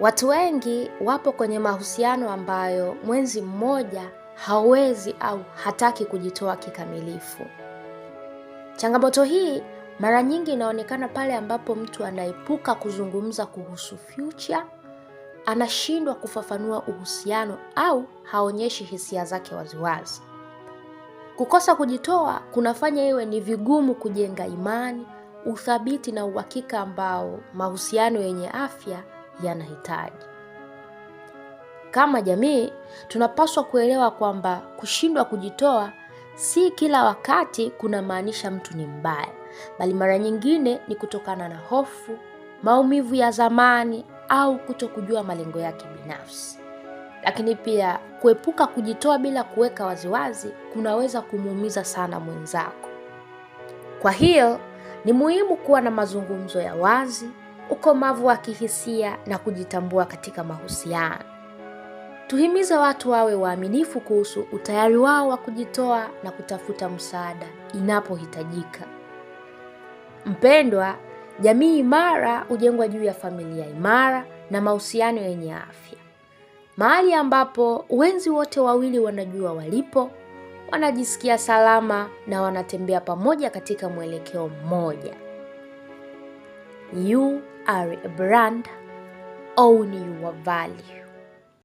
Watu wengi wapo kwenye mahusiano ambayo mwenzi mmoja hawezi au hataki kujitoa kikamilifu. Changamoto hii mara nyingi inaonekana pale ambapo mtu anaepuka kuzungumza kuhusu future, anashindwa kufafanua uhusiano au haonyeshi hisia zake waziwazi. Kukosa kujitoa kunafanya iwe ni vigumu kujenga imani, uthabiti na uhakika ambao mahusiano yenye afya yanahitaji. Kama jamii, tunapaswa kuelewa kwamba kushindwa kujitoa si kila wakati kunamaanisha mtu ni mbaya, bali mara nyingine ni kutokana na hofu, maumivu ya zamani au kuto kujua malengo yake binafsi. Lakini pia kuepuka kujitoa bila kuweka waziwazi kunaweza kumuumiza sana mwenzako. Kwa hiyo, ni muhimu kuwa na mazungumzo ya wazi ukomavu wa kihisia na kujitambua katika mahusiano. tuhimiza watu wawe waaminifu kuhusu utayari wao wa kujitoa na kutafuta msaada inapohitajika. Mpendwa, jamii imara hujengwa juu ya familia imara na mahusiano yenye afya, mahali ambapo wenzi wote wawili wanajua walipo, wanajisikia salama na wanatembea pamoja katika mwelekeo mmoja. You are a brand, own your value.